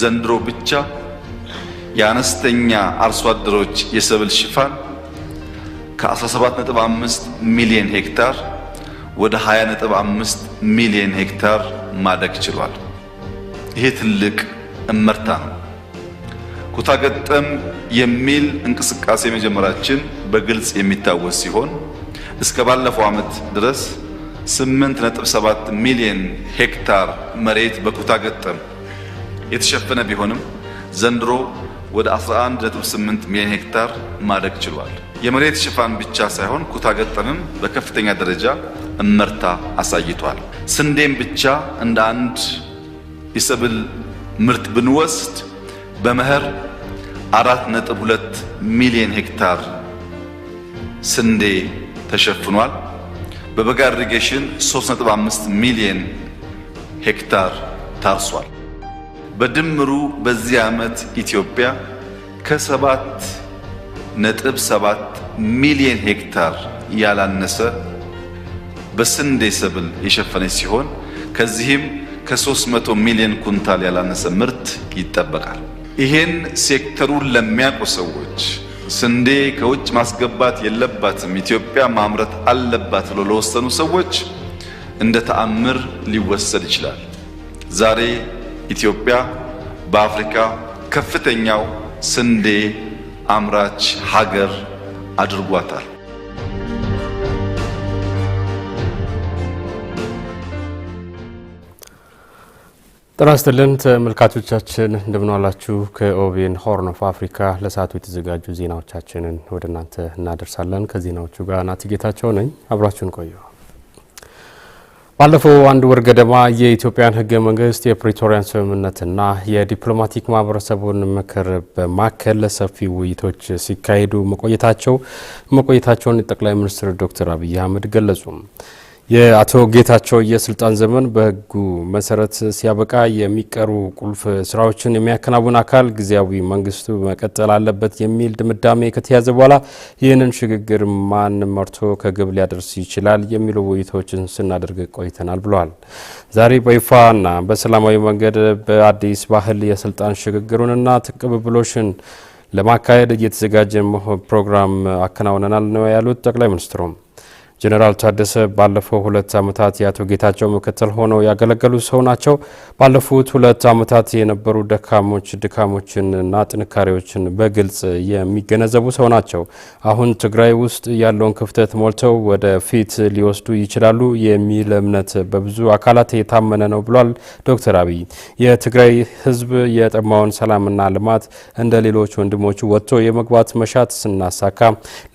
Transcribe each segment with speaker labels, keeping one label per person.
Speaker 1: ዘንድሮ ብቻ የአነስተኛ አርሶ አደሮች የሰብል ሽፋን ከ17.5 ሚሊዮን ሄክታር ወደ 20.5 ሚሊዮን ሄክታር ማደግ ችሏል። ይሄ ትልቅ እመርታ ነው። ኩታ ገጠም የሚል እንቅስቃሴ መጀመራችን በግልጽ የሚታወስ ሲሆን እስከ ባለፈው ዓመት ድረስ 8.7 ሚሊዮን ሄክታር መሬት በኩታ ገጠም የተሸፈነ ቢሆንም ዘንድሮ ወደ 11.8 ሚሊዮን ሄክታር ማደግ ችሏል። የመሬት ሽፋን ብቻ ሳይሆን ኩታ ገጠምም በከፍተኛ ደረጃ እመርታ አሳይቷል። ስንዴም ብቻ እንደ አንድ የሰብል ምርት ብንወስድ በመኸር 4.2 ሚሊዮን ሄክታር ስንዴ ተሸፍኗል። በበጋ ኢሪጌሽን 3.5 ሚሊዮን ሄክታር ታርሷል። በድምሩ በዚህ ዓመት ኢትዮጵያ ከሰባት ነጥብ ሰባት ሚሊየን ሄክታር ያላነሰ በስንዴ ሰብል የሸፈነች ሲሆን ከዚህም ከ300 ሚሊዮን ኩንታል ያላነሰ ምርት ይጠበቃል። ይሄን ሴክተሩን ለሚያውቁ ሰዎች ስንዴ ከውጭ ማስገባት የለባትም ኢትዮጵያ ማምረት አለባት ብሎ ለወሰኑ ሰዎች እንደ ተአምር ሊወሰድ ይችላል ዛሬ ኢትዮጵያ በአፍሪካ ከፍተኛው ስንዴ አምራች ሀገር አድርጓታል።
Speaker 2: ጤና ይስጥልን ተመልካቾቻችን፣ እንደምንዋላችሁ። ከኦቤን ሆርን ኦፍ አፍሪካ ለሰዓቱ የተዘጋጁ ዜናዎቻችንን ወደ እናንተ እናደርሳለን። ከዜናዎቹ ጋር ናት ጌታቸው ነኝ። አብራችሁን ቆዩ። ባለፈው አንድ ወር ገደማ የኢትዮጵያን ህገ መንግስት የፕሪቶሪያን ስምምነትና የዲፕሎማቲክ ማህበረሰቡን ምክር በማከል ሰፊ ውይይቶች ሲካሄዱ መቆየታቸው መቆየታቸውን ጠቅላይ ሚኒስትር ዶክተር አብይ አህመድ ገለጹ። የአቶ ጌታቸው የስልጣን ዘመን በህጉ መሰረት ሲያበቃ የሚቀሩ ቁልፍ ስራዎችን የሚያከናውን አካል ጊዜያዊ መንግስቱ መቀጠል አለበት የሚል ድምዳሜ ከተያዘ በኋላ ይህንን ሽግግር ማን መርቶ ከግብ ሊያደርስ ይችላል የሚሉ ውይይቶችን ስናደርግ ቆይተናል ብለዋል። ዛሬ በይፋና በሰላማዊ መንገድ በአዲስ ባህል የስልጣን ሽግግሩንና ትቅብብሎሽን ለማካሄድ እየተዘጋጀ ፕሮግራም አከናውነናል ነው ያሉት ጠቅላይ ሚኒስትሩም ጀኔራል ታደሰ ባለፈው ሁለት ዓመታት የአቶ ጌታቸው ምክትል ሆነው ያገለገሉ ሰው ናቸው። ባለፉት ሁለት ዓመታት የነበሩ ደካሞች ድካሞችንና ጥንካሬዎችን በግልጽ የሚገነዘቡ ሰው ናቸው። አሁን ትግራይ ውስጥ ያለውን ክፍተት ሞልተው ወደ ፊት ሊወስዱ ይችላሉ የሚል እምነት በብዙ አካላት የታመነ ነው ብሏል ዶክተር አብይ። የትግራይ ሕዝብ የጠማውን ሰላምና ልማት እንደ ሌሎች ወንድሞቹ ወጥቶ የመግባት መሻት ስናሳካ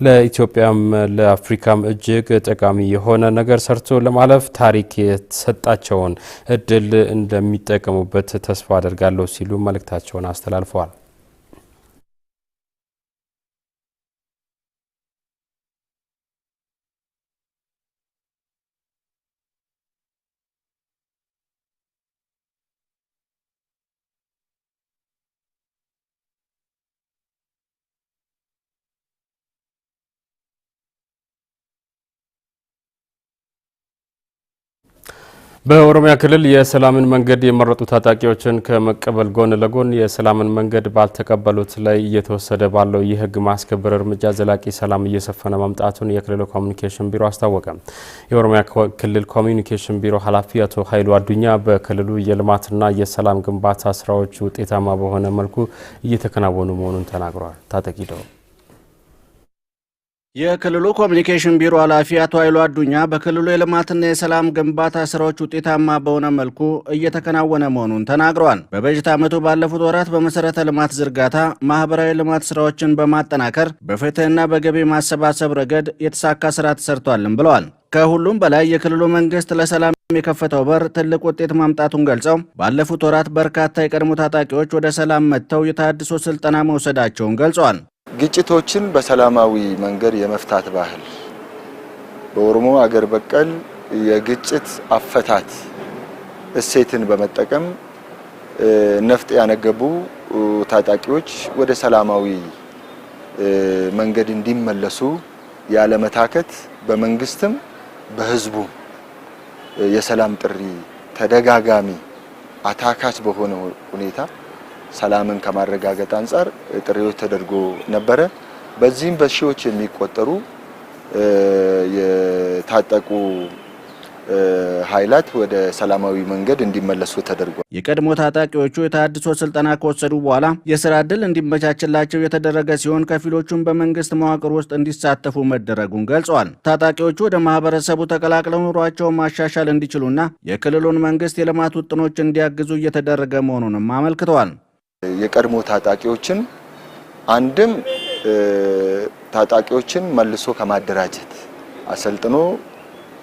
Speaker 2: ለኢትዮጵያም ለአፍሪካም እጅግ ጠቃሚ የሆነ ነገር ሰርቶ ለማለፍ ታሪክ የተሰጣቸውን እድል እንደሚጠቀሙበት ተስፋ አደርጋለሁ ሲሉ መልእክታቸውን አስተላልፈዋል። በኦሮሚያ ክልል የሰላምን መንገድ የመረጡ ታጣቂዎችን ከመቀበል ጎን ለጎን የሰላምን መንገድ ባልተቀበሉት ላይ እየተወሰደ ባለው የሕግ ማስከበር እርምጃ ዘላቂ ሰላም እየሰፈነ መምጣቱን የክልሉ ኮሚኒኬሽን ቢሮ አስታወቀ። የኦሮሚያ ክልል ኮሚኒኬሽን ቢሮ ኃላፊ አቶ ኃይሉ አዱኛ በክልሉ የልማትና የሰላም ግንባታ ስራዎች ውጤታማ በሆነ መልኩ እየተከናወኑ መሆኑን ተናግረዋል። ታጠቂ ደው የክልሉ ኮሚኒኬሽን ቢሮ ኃላፊ አቶ ኃይሉ አዱኛ በክልሉ የልማትና የሰላም ግንባታ ስራዎች ውጤታማ በሆነ መልኩ እየተከናወነ መሆኑን ተናግረዋል። በበጀት ዓመቱ ባለፉት ወራት በመሰረተ ልማት ዝርጋታ፣ ማህበራዊ ልማት ስራዎችን በማጠናከር በፍትህና በገቢ ማሰባሰብ ረገድ የተሳካ ስራ ተሰርቷልም ብለዋል። ከሁሉም በላይ የክልሉ መንግስት ለሰላም የከፈተው በር ትልቅ ውጤት ማምጣቱን ገልጸው ባለፉት ወራት በርካታ የቀድሞ ታጣቂዎች ወደ ሰላም መጥተው የተሃድሶ ስልጠና መውሰዳቸውን ገልጸዋል።
Speaker 1: ግጭቶችን በሰላማዊ መንገድ የመፍታት ባህል በኦሮሞ አገር በቀል የግጭት አፈታት እሴትን በመጠቀም ነፍጥ ያነገቡ ታጣቂዎች ወደ ሰላማዊ መንገድ እንዲመለሱ ያለመታከት በመንግስትም በህዝቡ የሰላም ጥሪ ተደጋጋሚ አታካች በሆነ ሁኔታ ሰላምን ከማረጋገጥ አንጻር ጥሪዎች ተደርጎ ነበረ። በዚህም በሺዎች የሚቆጠሩ የታጠቁ ኃይላት ወደ ሰላማዊ መንገድ እንዲመለሱ ተደርጓል።
Speaker 2: የቀድሞ ታጣቂዎቹ የተሃድሶ ስልጠና ከወሰዱ በኋላ የስራ ዕድል እንዲመቻችላቸው የተደረገ ሲሆን ከፊሎቹም በመንግስት መዋቅር ውስጥ እንዲሳተፉ መደረጉን ገልጸዋል። ታጣቂዎቹ ወደ ማህበረሰቡ ተቀላቅለው ኑሯቸውን ማሻሻል እንዲችሉና የክልሉን መንግስት የልማት ውጥኖች እንዲያግዙ እየተደረገ መሆኑንም አመልክተዋል።
Speaker 1: የቀድሞ ታጣቂዎችን አንድም ታጣቂዎችን መልሶ ከማደራጀት አሰልጥኖ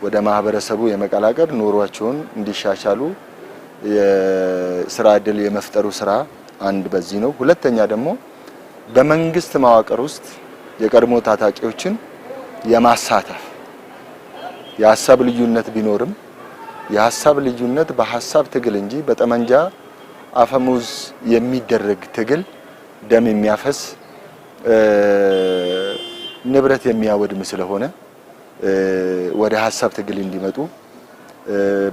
Speaker 1: ወደ ማህበረሰቡ የመቀላቀል ኑሯቸውን እንዲሻሻሉ የስራ እድል የመፍጠሩ ስራ አንድ በዚህ ነው። ሁለተኛ ደግሞ በመንግስት መዋቅር ውስጥ የቀድሞ ታጣቂዎችን የማሳተፍ የሀሳብ ልዩነት ቢኖርም የሀሳብ ልዩነት በሀሳብ ትግል እንጂ በጠመንጃ አፈሙዝ የሚደረግ ትግል ደም የሚያፈስ ንብረት የሚያወድም ስለሆነ ወደ ሀሳብ ትግል እንዲመጡ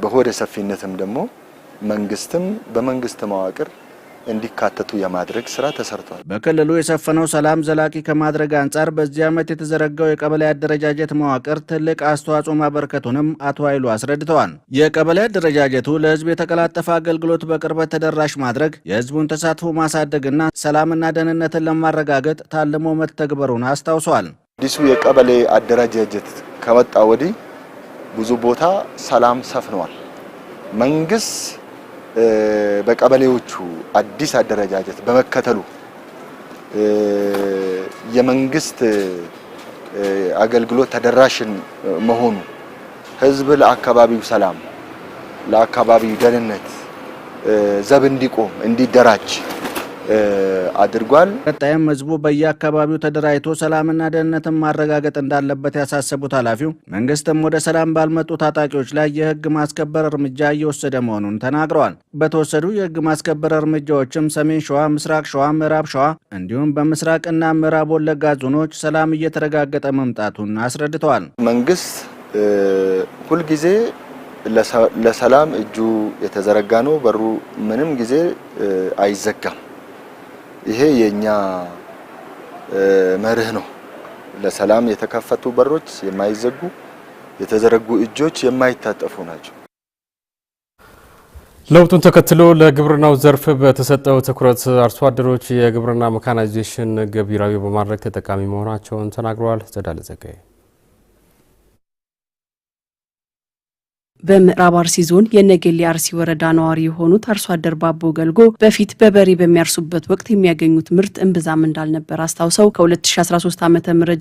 Speaker 1: በሆደ ሰፊነትም ደግሞ መንግስትም በመንግስት መዋቅር እንዲካተቱ የማድረግ ስራ ተሰርቷል።
Speaker 2: በክልሉ የሰፈነው ሰላም ዘላቂ ከማድረግ አንጻር በዚህ ዓመት የተዘረጋው የቀበሌ አደረጃጀት መዋቅር ትልቅ አስተዋጽኦ ማበረከቱንም አቶ ኃይሉ አስረድተዋል። የቀበሌ አደረጃጀቱ ለህዝብ የተቀላጠፈ አገልግሎት በቅርበት ተደራሽ ማድረግ፣ የሕዝቡን ተሳትፎ ማሳደግና ሰላምና ደህንነትን ለማረጋገጥ ታልሞ መተግበሩን አስታውሷል።
Speaker 1: አዲሱ የቀበሌ አደረጃጀት ከመጣ ወዲህ ብዙ ቦታ ሰላም ሰፍነዋል። መንግስት በቀበሌዎቹ አዲስ አደረጃጀት በመከተሉ የመንግስት አገልግሎት ተደራሽን መሆኑ ህዝብ ለአካባቢው ሰላም፣ ለአካባቢው ደህንነት ዘብ እንዲቆም እንዲደራጅ አድርጓል።
Speaker 2: ቀጣይም ህዝቡ በየአካባቢው ተደራጅቶ ሰላምና ደህንነትን ማረጋገጥ እንዳለበት ያሳሰቡት ኃላፊው መንግስትም ወደ ሰላም ባልመጡ ታጣቂዎች ላይ የህግ ማስከበር እርምጃ እየወሰደ መሆኑን ተናግረዋል። በተወሰዱ የህግ ማስከበር እርምጃዎችም ሰሜን ሸዋ፣ ምስራቅ ሸዋ፣ ምዕራብ ሸዋ እንዲሁም በምስራቅና ምዕራብ ወለጋ ዞኖች ሰላም እየተረጋገጠ መምጣቱን አስረድተዋል።
Speaker 1: መንግስት ሁልጊዜ ለሰላም እጁ የተዘረጋ ነው። በሩ ምንም ጊዜ አይዘጋም። ይሄ የኛ መርህ ነው። ለሰላም የተከፈቱ በሮች የማይዘጉ የተዘረጉ እጆች የማይታጠፉ ናቸው።
Speaker 2: ለውጡን ተከትሎ ለግብርናው ዘርፍ በተሰጠው ትኩረት አርሶ አደሮች የግብርና መካናይዜሽን ገቢራዊ በማድረግ ተጠቃሚ መሆናቸውን ተናግረዋል። ጸዳለ ዘጋዬ በምዕራብ አርሲ ዞን የነገሌ አርሲ ወረዳ ነዋሪ የሆኑት አርሶ አደር ባቦ ገልጎ በፊት በበሬ በሚያርሱበት ወቅት የሚያገኙት ምርት እምብዛም እንዳልነበር አስታውሰው ከ2013 ዓ ም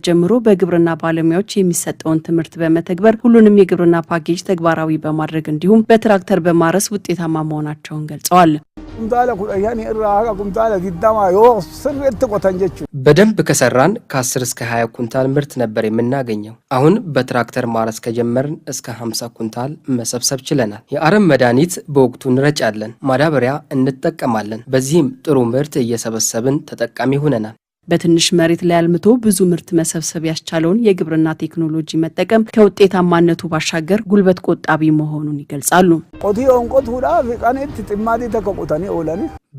Speaker 2: ጀምሮ በግብርና ባለሙያዎች የሚሰጠውን ትምህርት በመተግበር ሁሉንም የግብርና ፓኬጅ ተግባራዊ በማድረግ እንዲሁም በትራክተር በማረስ ውጤታማ መሆናቸውን ገልጸዋል። kumtaala kudha shanii irraa haga kumtaala digdama yoo በደንብ ከሰራን ከ10 እስከ 20 ኩንታል ምርት ነበር የምናገኘው። አሁን በትራክተር ማረስ ከጀመርን እስከ 50 ኩንታል መሰብሰብ ችለናል። የአረም መድኃኒት በወቅቱ እንረጫለን፣ ማዳበሪያ እንጠቀማለን። በዚህም ጥሩ ምርት እየሰበሰብን ተጠቃሚ ሆነናል። በትንሽ መሬት ላይ አልምቶ ብዙ ምርት መሰብሰብ ያስቻለውን የግብርና ቴክኖሎጂ መጠቀም ከውጤታማነቱ ባሻገር ጉልበት ቆጣቢ መሆኑን ይገልጻሉ።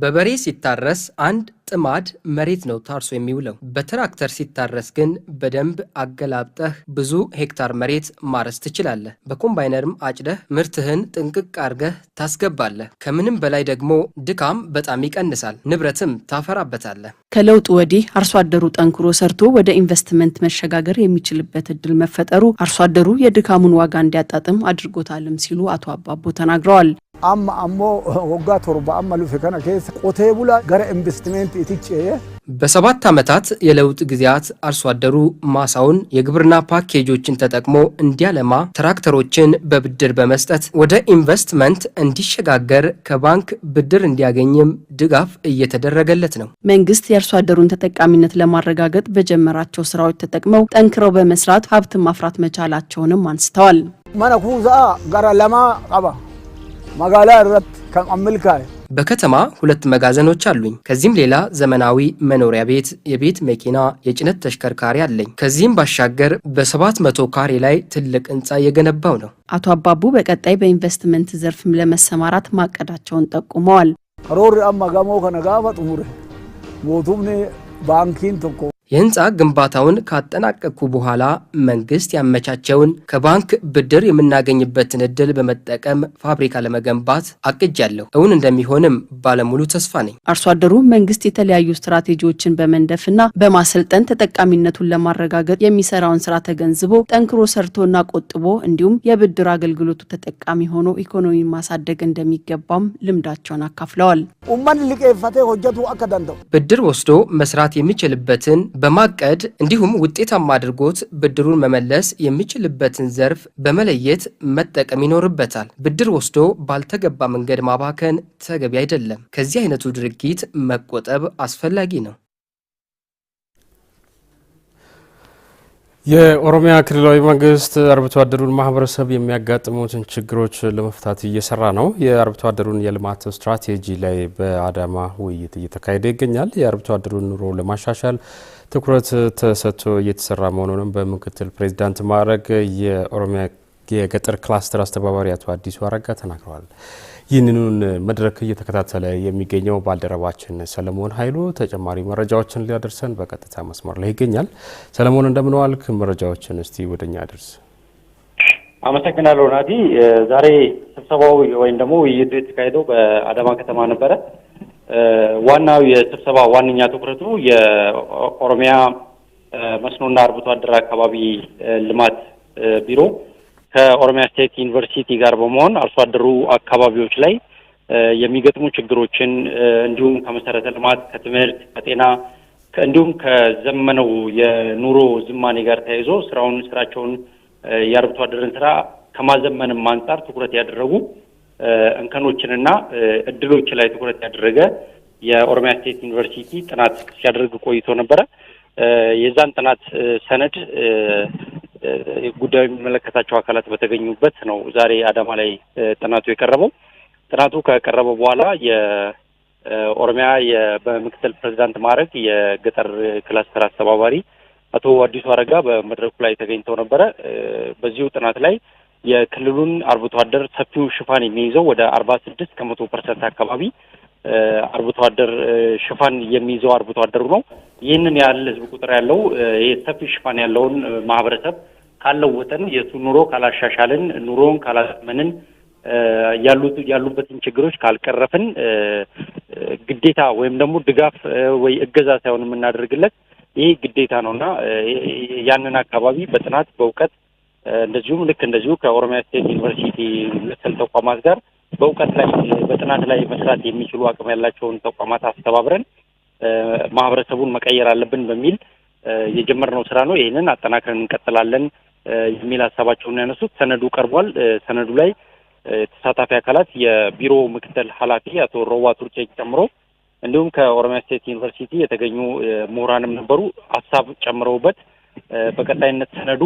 Speaker 2: በበሬ ሲታረስ አንድ ጥማድ መሬት ነው ታርሶ የሚውለው። በትራክተር ሲታረስ ግን በደንብ አገላብጠህ ብዙ ሄክታር መሬት ማረስ ትችላለህ። በኮምባይነርም አጭደህ ምርትህን ጥንቅቅ አርገህ ታስገባለህ። ከምንም በላይ ደግሞ ድካም በጣም ይቀንሳል፣ ንብረትም ታፈራበታለህ። ከለውጡ ወዲህ አርሶ አደሩ ጠንክሮ ሰርቶ ወደ ኢንቨስትመንት መሸጋገር የሚችልበት እድል መፈጠሩ አርሶ አደሩ የድካሙን ዋጋ እንዲያጣጥም አድርጎታልም ሲሉ አቶ አባቦ ተናግረዋል። amma ammoo eh, waggaa torba amma lufe kana keessa qotee bulaa gara investimentii itichee eh. በሰባት ዓመታት የለውጥ ጊዜያት አርሶ አደሩ ማሳውን የግብርና ፓኬጆችን ተጠቅሞ እንዲያለማ ትራክተሮችን በብድር በመስጠት ወደ ኢንቨስትመንት እንዲሸጋገር ከባንክ ብድር እንዲያገኝም ድጋፍ እየተደረገለት ነው። መንግስት የአርሶ አደሩን ተጠቃሚነት ለማረጋገጥ በጀመራቸው ስራዎች ተጠቅመው ጠንክረው በመስራት ሀብት ማፍራት መቻላቸውንም አንስተዋል። መነኩዛ ጋራ ለማ ቀባ መጋላ ረት ከአምልካ በከተማ ሁለት መጋዘኖች አሉኝ። ከዚህም ሌላ ዘመናዊ መኖሪያ ቤት፣ የቤት መኪና፣ የጭነት ተሽከርካሪ አለኝ። ከዚህም ባሻገር በሰባት መቶ ካሬ ላይ ትልቅ ህንፃ እየገነባው ነው። አቶ አባቡ በቀጣይ በኢንቨስትመንት ዘርፍም ለመሰማራት ማቀዳቸውን ጠቁመዋል። ሮር አማጋሞ ከነጋፋ ፈጥሙር ሞቱም ባንኪን የህንፃ ግንባታውን ካጠናቀኩ በኋላ መንግስት ያመቻቸውን ከባንክ ብድር የምናገኝበትን እድል በመጠቀም ፋብሪካ ለመገንባት አቅጃለሁ። እውን እንደሚሆንም ባለሙሉ ተስፋ ነኝ። አርሶ አደሩ መንግስት የተለያዩ ስትራቴጂዎችን በመንደፍና በማሰልጠን ተጠቃሚነቱን ለማረጋገጥ የሚሰራውን ስራ ተገንዝቦ ጠንክሮ ሰርቶና ቆጥቦ እንዲሁም የብድር አገልግሎቱ ተጠቃሚ ሆኖ ኢኮኖሚን ማሳደግ እንደሚገባም ልምዳቸውን አካፍለዋል። ብድር ወስዶ መስራት የሚችልበትን በማቀድ እንዲሁም ውጤታማ አድርጎት ብድሩን መመለስ የሚችልበትን ዘርፍ በመለየት መጠቀም ይኖርበታል። ብድር ወስዶ ባልተገባ መንገድ ማባከን ተገቢ አይደለም። ከዚህ አይነቱ ድርጊት መቆጠብ አስፈላጊ ነው። የኦሮሚያ ክልላዊ መንግስት አርብቶ አደሩን ማህበረሰብ የሚያጋጥሙትን ችግሮች ለመፍታት እየሰራ ነው። የአርብቶ አደሩን የልማት ስትራቴጂ ላይ በአዳማ ውይይት እየተካሄደ ይገኛል። የአርብቶ አደሩን ኑሮ ለማሻሻል ትኩረት ተሰጥቶ እየተሰራ መሆኑንም በምክትል ፕሬዚዳንት ማዕረግ የኦሮሚያ የገጠር ክላስተር አስተባባሪ አቶ አዲሱ አረጋ ተናግረዋል። ይህንኑን መድረክ እየተከታተለ የሚገኘው ባልደረባችን ሰለሞን ኃይሉ ተጨማሪ መረጃዎችን ሊያደርሰን በቀጥታ መስመር ላይ ይገኛል። ሰለሞን እንደምንዋልክ፣ መረጃዎችን እስቲ ወደኛ አድርስ።
Speaker 3: አመሰግናለሁ ናቲ። ዛሬ ስብሰባው ወይም ደግሞ ውይይቱ የተካሄደው በአዳማ ከተማ ነበረ። ዋናው የስብሰባ ዋነኛ ትኩረቱ የኦሮሚያ መስኖና አርብቶ አደር አካባቢ ልማት ቢሮ ከኦሮሚያ ስቴት ዩኒቨርሲቲ ጋር በመሆን አርሶ አደሩ አካባቢዎች ላይ የሚገጥሙ ችግሮችን እንዲሁም ከመሰረተ ልማት፣ ከትምህርት፣ ከጤና እንዲሁም ከዘመነው የኑሮ ዝማኔ ጋር ተያይዞ ስራውን ስራቸውን የአርብቶ አደርን ስራ ከማዘመንም አንጻር ትኩረት ያደረጉ እንከኖችንና እድሎች ላይ ትኩረት ያደረገ የኦሮሚያ ስቴት ዩኒቨርሲቲ ጥናት ሲያደርግ ቆይቶ ነበረ። የዛን ጥናት ሰነድ ጉዳዩ የሚመለከታቸው አካላት በተገኙበት ነው ዛሬ አዳማ ላይ ጥናቱ የቀረበው። ጥናቱ ከቀረበ በኋላ የኦሮሚያ በምክትል ፕሬዚዳንት ማዕረግ የገጠር ክላስተር አስተባባሪ አቶ አዲሱ አረጋ በመድረኩ ላይ ተገኝተው ነበረ። በዚሁ ጥናት ላይ የክልሉን አርብቶ አደር ሰፊው ሽፋን የሚይዘው ወደ አርባ ስድስት ከመቶ ፐርሰንት አካባቢ አርብቶ አደር ሽፋን የሚይዘው አርብቶ አደሩ ነው። ይህንን ያህል ህዝብ ቁጥር ያለው ሰፊ ሽፋን ያለውን ማህበረሰብ ካለወጠን የእሱ ኑሮ ካላሻሻልን፣ ኑሮውን ካላመንን፣ ያሉት ያሉበትን ችግሮች ካልቀረፍን ግዴታ ወይም ደግሞ ድጋፍ ወይ እገዛ ሳይሆን የምናደርግለት ይህ ግዴታ ነው እና ያንን አካባቢ በጥናት በእውቀት እንደዚሁም ልክ እንደዚሁ ከኦሮሚያ ስቴት ዩኒቨርሲቲ መሰል ተቋማት ጋር በእውቀት ላይ በጥናት ላይ መስራት የሚችሉ አቅም ያላቸውን ተቋማት አስተባብረን ማህበረሰቡን መቀየር አለብን በሚል የጀመርነው ስራ ነው። ይህንን አጠናክረን እንቀጥላለን የሚል ሀሳባቸውን ያነሱት ሰነዱ ቀርቧል። ሰነዱ ላይ ተሳታፊ አካላት የቢሮ ምክትል ኃላፊ አቶ ሮዋ ቱርቼ ጨምሮ እንዲሁም ከኦሮሚያ ስቴት ዩኒቨርሲቲ የተገኙ ምሁራንም ነበሩ ሀሳብ ጨምረውበት በቀጣይነት ሰነዱ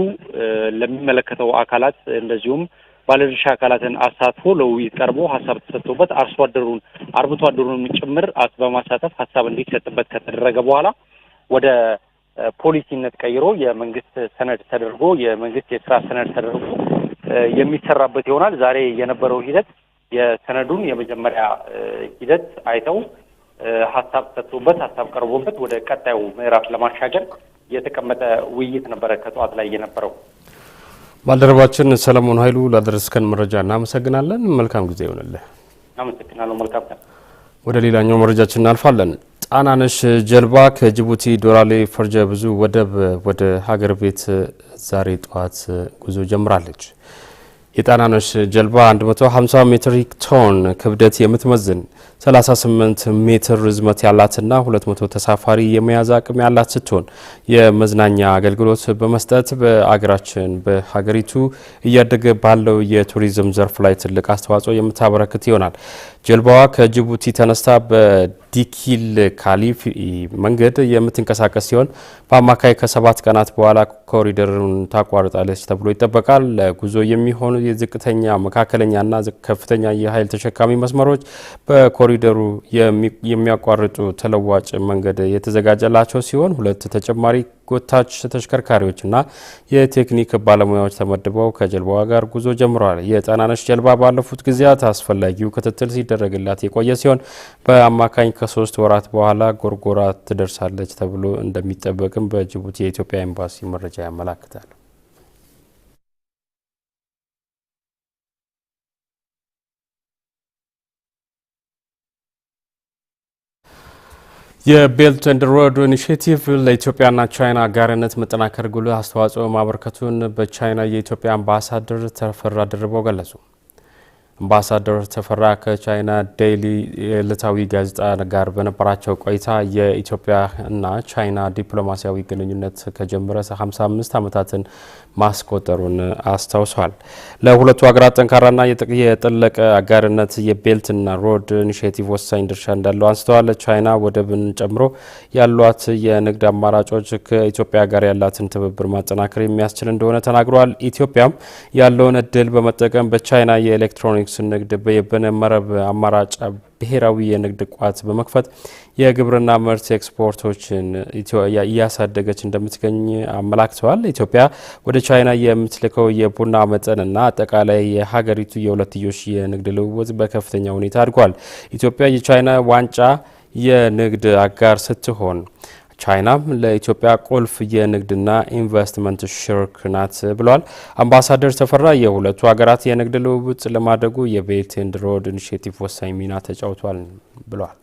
Speaker 3: ለሚመለከተው አካላት እንደዚሁም ባለድርሻ አካላትን አሳትፎ ለውይይት ቀርቦ ሀሳብ ተሰጥቶበት አርሶ አደሩን አርብቶ አደሩንም ጭምር በማሳተፍ ሀሳብ እንዲሰጥበት ከተደረገ በኋላ ወደ ፖሊሲነት ቀይሮ የመንግስት ሰነድ ተደርጎ የመንግስት የስራ ሰነድ ተደርጎ የሚሰራበት ይሆናል። ዛሬ የነበረው ሂደት የሰነዱን የመጀመሪያ ሂደት አይተው ሀሳብ ተሰጥቶበት ሀሳብ ቀርቦበት ወደ ቀጣዩ ምዕራፍ ለማሻገር የተቀመጠ ውይይት ነበረ ከጠዋት ላይ የነበረው።
Speaker 2: ባልደረባችን ሰለሞን ኃይሉ ላደረስከን መረጃ እናመሰግናለን። መልካም ጊዜ ይሆንልህ።
Speaker 3: አመሰግናለሁ። መልካም
Speaker 2: ወደ ሌላኛው መረጃችን እናልፋለን። ጣናነሽ ጀልባ ከጅቡቲ ዶራሌ ፈርጀ ብዙ ወደብ ወደ ሀገር ቤት ዛሬ ጠዋት ጉዞ ጀምራለች። የጣናነሽ ጀልባ 150 ሜትሪክ ቶን ክብደት የምትመዝን 38 ሜትር ርዝመት ያላትና 200 ተሳፋሪ የመያዝ አቅም ያላት ስትሆን የመዝናኛ አገልግሎት በመስጠት በአገራችን በሀገሪቱ እያደገ ባለው የቱሪዝም ዘርፍ ላይ ትልቅ አስተዋጽኦ የምታበረክት ይሆናል። ጀልባዋ ከጅቡቲ ተነስታ በዲኪል ካሊፍ መንገድ የምትንቀሳቀስ ሲሆን በአማካይ ከሰባት ቀናት በኋላ ኮሪደሩን ታቋርጣለች ተብሎ ይጠበቃል። ለጉዞ የሚሆኑ የዝቅተኛ መካከለኛና ከፍተኛ የኃይል ተሸካሚ መስመሮች በኮሪ ኮሪደሩ የሚያቋርጡ ተለዋጭ መንገድ የተዘጋጀላቸው ሲሆን ሁለት ተጨማሪ ጎታች ተሽከርካሪዎችና የቴክኒክ ባለሙያዎች ተመድበው ከጀልባዋ ጋር ጉዞ ጀምረዋል። የጣናነሽ ጀልባ ባለፉት ጊዜያት አስፈላጊው ክትትል ሲደረግላት የቆየ ሲሆን በአማካኝ ከሶስት ወራት በኋላ ጎርጎራ ትደርሳለች ተብሎ እንደሚጠበቅም በጅቡቲ የኢትዮጵያ ኤምባሲ መረጃ ያመላክታል። የቤልት ኤንድ ሮድ ኢኒሽቲቭ ለኢትዮጵያና ቻይና አጋርነት መጠናከር ጉልህ አስተዋጽኦ ማበርከቱን በቻይና የኢትዮጵያ አምባሳደር ተፈራ ደርበው ገለጹ። አምባሳደር ተፈራ ከቻይና ዴይሊ የዕለታዊ ጋዜጣ ጋር በነበራቸው ቆይታ የኢትዮጵያና ቻይና ዲፕሎማሲያዊ ግንኙነት ከጀመረ 55 ዓመታትን ማስቆጠሩን አስታውሷል። ለሁለቱ ሀገራት ጠንካራና የጠለቀ አጋርነት የቤልትና ሮድ ኢኒሽቲቭ ወሳኝ ድርሻ እንዳለው አንስተዋል። ቻይና ወደብን ጨምሮ ያሏት የንግድ አማራጮች ከኢትዮጵያ ጋር ያላትን ትብብር ማጠናከር የሚያስችል እንደሆነ ተናግረዋል። ኢትዮጵያም ያለውን እድል በመጠቀም በቻይና የኤሌክትሮኒክስ ንግድ በየበይነ መረብ አማራጭ ብሔራዊ የንግድ ቋት በመክፈት የግብርና ምርት ኤክስፖርቶችን እያሳደገች እንደምትገኝ አመላክተዋል። ኢትዮጵያ ወደ ቻይና የምትልከው የቡና መጠንና አጠቃላይ የሀገሪቱ የሁለትዮሽ የንግድ ልውውጥ በከፍተኛ ሁኔታ አድጓል። ኢትዮጵያ የቻይና ዋንጫ የንግድ አጋር ስትሆን ቻይናም ለኢትዮጵያ ቁልፍ የንግድና ኢንቨስትመንት ሽርክ ናት ብለዋል። አምባሳደር ተፈራ የሁለቱ ሀገራት የንግድ ልውውጥ ለማደጉ የቤልት ኤንድ ሮድ ኢኒሽቲቭ ወሳኝ ሚና ተጫውቷል ብለዋል።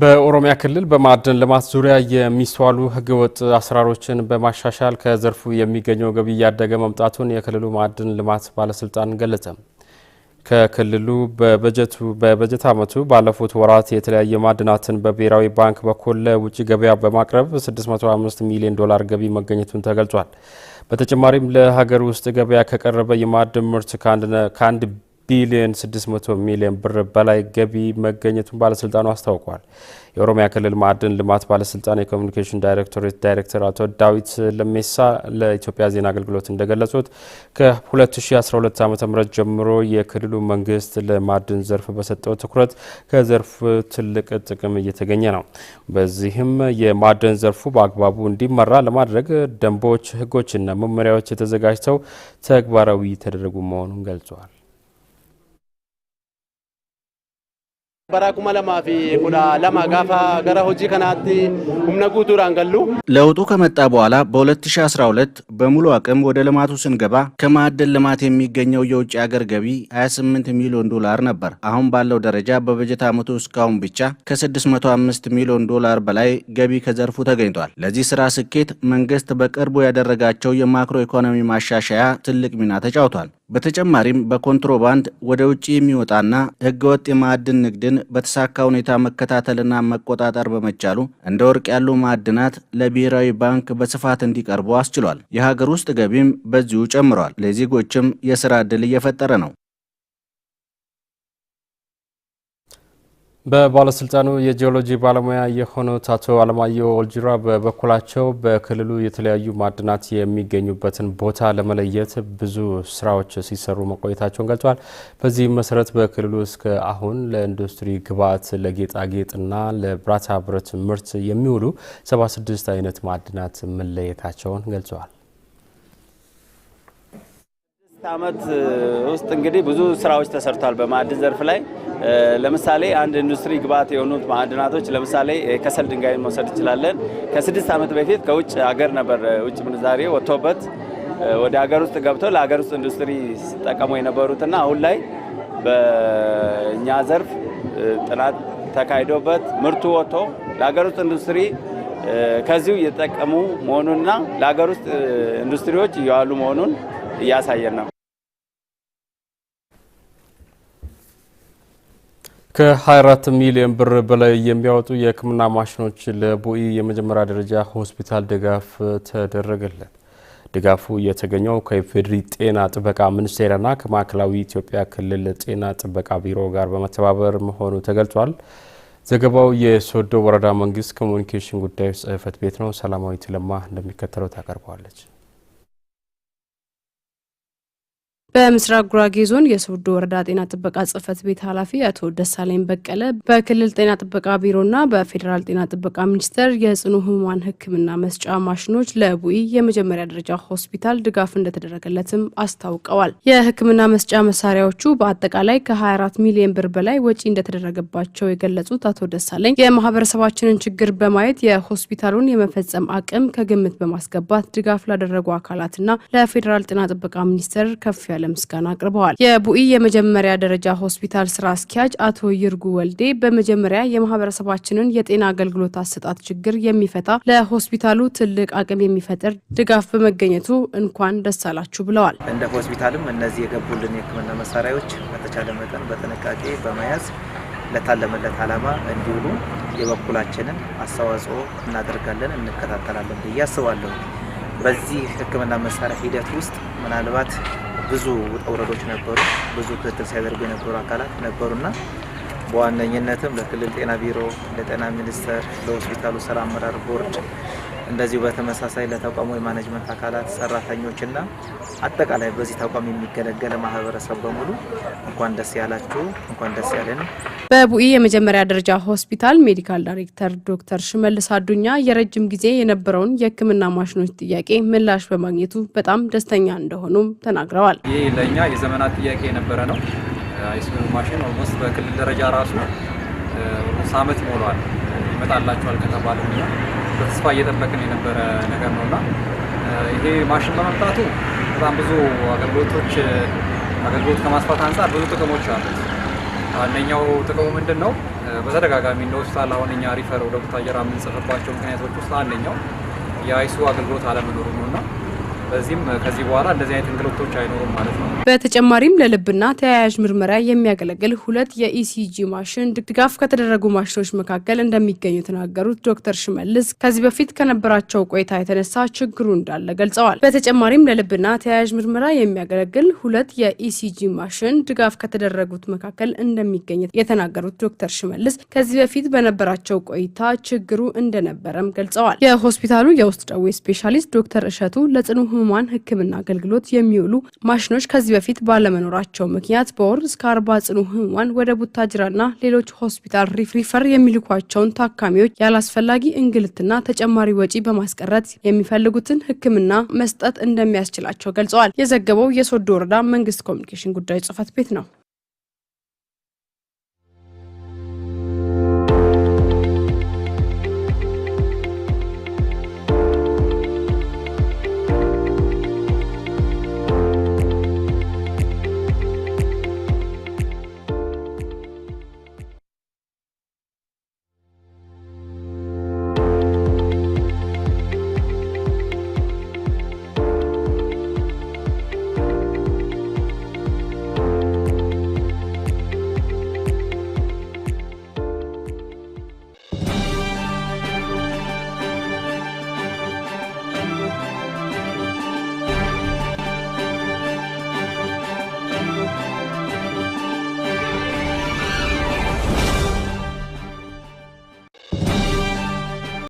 Speaker 2: በኦሮሚያ ክልል በማዕድን ልማት ዙሪያ የሚስተዋሉ ህገወጥ አሰራሮችን በማሻሻል ከዘርፉ የሚገኘው ገቢ እያደገ መምጣቱን የክልሉ ማዕድን ልማት ባለስልጣን ገለጸ። ከክልሉ በበጀት ዓመቱ ባለፉት ወራት የተለያየ ማዕድናትን በብሔራዊ ባንክ በኩል ለውጭ ገበያ በማቅረብ 605 ሚሊዮን ዶላር ገቢ መገኘቱን ተገልጿል። በተጨማሪም ለሀገር ውስጥ ገበያ ከቀረበ የማዕድን ምርት ከአንድ ቢሊዮን 600 ሚሊዮን ብር በላይ ገቢ መገኘቱን ባለስልጣኑ አስታውቋል። የኦሮሚያ ክልል ማዕድን ልማት ባለስልጣን የኮሚኒኬሽን ዳይሬክቶሬት ዳይሬክተር አቶ ዳዊት ለሜሳ ለኢትዮጵያ ዜና አገልግሎት እንደገለጹት ከ2012 ዓ ም ጀምሮ የክልሉ መንግስት ለማዕድን ዘርፍ በሰጠው ትኩረት ከዘርፉ ትልቅ ጥቅም እየተገኘ ነው። በዚህም የማዕድን ዘርፉ በአግባቡ እንዲመራ ለማድረግ ደንቦች፣ ህጎችና መመሪያዎች ተዘጋጅተው ተግባራዊ የተደረጉ መሆኑን ገልጸዋል። bara kuma lamaa fi kudha lama gaafa gara hojii kanaatti humna guutuudhaan gallu። ለውጡ ከመጣ በኋላ በ2012 በሙሉ አቅም ወደ ልማቱ ስንገባ ከማዕድን ልማት የሚገኘው የውጭ አገር ገቢ 28 ሚሊዮን ዶላር ነበር። አሁን ባለው ደረጃ በበጀት ዓመቱ እስካሁን ብቻ ከ605 ሚሊዮን ዶላር በላይ ገቢ ከዘርፉ ተገኝቷል። ለዚህ ስራ ስኬት መንግስት በቅርቡ ያደረጋቸው የማክሮ ኢኮኖሚ ማሻሻያ ትልቅ ሚና ተጫውቷል። በተጨማሪም በኮንትሮባንድ ወደ ውጭ የሚወጣና ህገወጥ የማዕድን ንግድን በተሳካ ሁኔታ መከታተልና መቆጣጠር በመቻሉ እንደ ወርቅ ያሉ ማዕድናት ለብሔራዊ ባንክ በስፋት እንዲቀርቡ አስችሏል። የሀገር ውስጥ ገቢም በዚሁ ጨምሯል። ለዜጎችም የስራ ዕድል እየፈጠረ ነው። በባለስልጣኑ የጂኦሎጂ ባለሙያ የሆኑት አቶ አለማየሁ ኦልጂራ በበኩላቸው በክልሉ የተለያዩ ማዕድናት የሚገኙበትን ቦታ ለመለየት ብዙ ስራዎች ሲሰሩ መቆየታቸውን ገልጸዋል። በዚህም መሰረት በክልሉ እስከ አሁን ለኢንዱስትሪ ግብዓት፣ ለጌጣጌጥና ለብረታ ብረት ምርት የሚውሉ 76 አይነት ማዕድናት መለየታቸውን ገልጸዋል።
Speaker 4: ዓመት ውስጥ እንግዲህ ብዙ ስራዎች ተሰርቷል በማዕድን ዘርፍ ላይ። ለምሳሌ አንድ ኢንዱስትሪ ግብዓት የሆኑት ማዕድናቶች ለምሳሌ ከሰል ድንጋይን መውሰድ እንችላለን። ከስድስት ዓመት በፊት ከውጭ አገር ነበር ውጭ ምንዛሬ ወጥቶበት ወደ ሀገር ውስጥ ገብቶ ለሀገር ውስጥ ኢንዱስትሪ ሲጠቀሙ የነበሩትና አሁን ላይ በእኛ ዘርፍ ጥናት ተካሂዶበት ምርቱ ወጥቶ ለሀገር ውስጥ ኢንዱስትሪ ከዚሁ እየተጠቀሙ መሆኑንና ለሀገር ውስጥ ኢንዱስትሪዎች እየዋሉ መሆኑን እያሳየን ነው።
Speaker 2: ከ24 ሚሊዮን ብር በላይ የሚያወጡ የሕክምና ማሽኖች ለቦኢ የመጀመሪያ ደረጃ ሆስፒታል ድጋፍ ተደረገለት። ድጋፉ የተገኘው ከኢፌዴሪ ጤና ጥበቃ ሚኒስቴርና ከማዕከላዊ ኢትዮጵያ ክልል ጤና ጥበቃ ቢሮ ጋር በመተባበር መሆኑ ተገልጿል። ዘገባው የሶዶ ወረዳ መንግስት ኮሚኒኬሽን ጉዳዮች ጽህፈት ቤት ነው። ሰላማዊት ለማ እንደሚከተለው ታቀርበዋለች። በምስራቅ ጉራጌ ዞን የሶዶ ወረዳ ጤና ጥበቃ ጽፈት ቤት ኃላፊ አቶ ደሳለኝ በቀለ በክልል ጤና ጥበቃ ቢሮና በፌዴራል ጤና ጥበቃ ሚኒስቴር የጽኑ ህሙማን ሕክምና መስጫ ማሽኖች ለቡኢ የመጀመሪያ ደረጃ ሆስፒታል ድጋፍ እንደተደረገለትም አስታውቀዋል። የሕክምና መስጫ መሳሪያዎቹ በአጠቃላይ ከ24 ሚሊዮን ብር በላይ ወጪ እንደተደረገባቸው የገለጹት አቶ ደሳለኝ የማህበረሰባችንን ችግር በማየት የሆስፒታሉን የመፈጸም አቅም ከግምት በማስገባት ድጋፍ ላደረጉ አካላትና ለፌዴራል ጤና ጥበቃ ሚኒስቴር ከፍ ከፍ ምስጋና አቅርበዋል። የቡኢ የመጀመሪያ ደረጃ ሆስፒታል ስራ አስኪያጅ አቶ ይርጉ ወልዴ በመጀመሪያ የማህበረሰባችንን የጤና አገልግሎት አሰጣጥ ችግር የሚፈታ ለሆስፒታሉ ትልቅ አቅም የሚፈጥር ድጋፍ በመገኘቱ እንኳን ደስ አላችሁ ብለዋል።
Speaker 5: እንደ ሆስፒታልም እነዚህ የገቡልን የህክምና መሳሪያዎች በተቻለ መጠን በጥንቃቄ በመያዝ ለታለመለት ዓላማ እንዲውሉ የበኩላችንን አስተዋጽኦ እናደርጋለን፣ እንከታተላለን ብዬ አስባለሁ። በዚህ ህክምና መሳሪያ ሂደት ውስጥ ምናልባት ብዙ ጠውረዶች ነበሩ። ብዙ ክትትል ሲያደርጉ የነበሩ አካላት ነበሩና በዋነኝነትም ለክልል ጤና ቢሮ፣ ለጤና ሚኒስቴር፣ ለሆስፒታሉ ስራ አመራር ቦርድ እንደዚሁ በተመሳሳይ ለተቋሙ የማኔጅመንት አካላት ሰራተኞችና አጠቃላይ በዚህ ተቋም የሚገለገለ ማህበረሰብ በሙሉ እንኳን ደስ ያላችሁ፣ እንኳን ደስ ያለን።
Speaker 2: በቡኢ የመጀመሪያ ደረጃ ሆስፒታል ሜዲካል ዳይሬክተር ዶክተር ሽመልስ አዱኛ የረጅም ጊዜ የነበረውን የህክምና ማሽኖች ጥያቄ ምላሽ በማግኘቱ በጣም ደስተኛ እንደሆኑም ተናግረዋል።
Speaker 6: ይህ ለእኛ የዘመናት ጥያቄ የነበረ ነው። አይሱዙ ማሽን ኦልሞስት በክልል ደረጃ ራሱ ሳመት ሞሏል። ይመጣላቸዋል ከተባለ በተስፋ እየጠበቅን የነበረ ነገር ነው እና ይሄ ማሽን በመምጣቱ በጣም ብዙ አገልግሎቶች አገልግሎት ከማስፋት አንጻር ብዙ ጥቅሞች አሉት። አንደኛው ጥቅሙ ምንድን ነው? በተደጋጋሚ እንደ ሆስፒታል አሁን እኛ ሪፈር ወደ ቡታጀራ የምንጽፍባቸው ምክንያቶች ውስጥ አንደኛው የአይሱ አገልግሎት አለመኖሩ ነው እና በዚህም ከዚህ በኋላ እንደዚህ አይነት እንግልቶች አይኖሩም ማለት ነው።
Speaker 2: በተጨማሪም ለልብና ተያያዥ ምርመራ የሚያገለግል ሁለት የኢሲጂ ማሽን ድጋፍ ከተደረጉ ማሽኖች መካከል እንደሚገኙ የተናገሩት ዶክተር ሽመልስ ከዚህ በፊት ከነበራቸው ቆይታ የተነሳ ችግሩ እንዳለ ገልጸዋል። በተጨማሪም ለልብና ተያያዥ ምርመራ የሚያገለግል ሁለት የኢሲጂ ማሽን ድጋፍ ከተደረጉት መካከል እንደሚገኝ የተናገሩት ዶክተር ሽመልስ ከዚህ በፊት በነበራቸው ቆይታ ችግሩ እንደነበረም ገልጸዋል። የሆስፒታሉ የውስጥ ደዌ ስፔሻሊስት ዶክተር እሸቱ ለጽኑ ህሙማን ህክምና አገልግሎት የሚውሉ ማሽኖች ከዚህ በፊት ባለመኖራቸው ምክንያት በወር እስከ አርባ ጽኑ ህሙማን ወደ ቡታጅራና ሌሎች ሆስፒታል ሪፍሪፈር የሚልኳቸውን ታካሚዎች ያላስፈላጊ እንግልትና ተጨማሪ ወጪ በማስቀረት የሚፈልጉትን ህክምና መስጠት እንደሚያስችላቸው ገልጸዋል። የዘገበው የሶዶ ወረዳ መንግስት ኮሚኒኬሽን ጉዳዮች ጽህፈት ቤት ነው።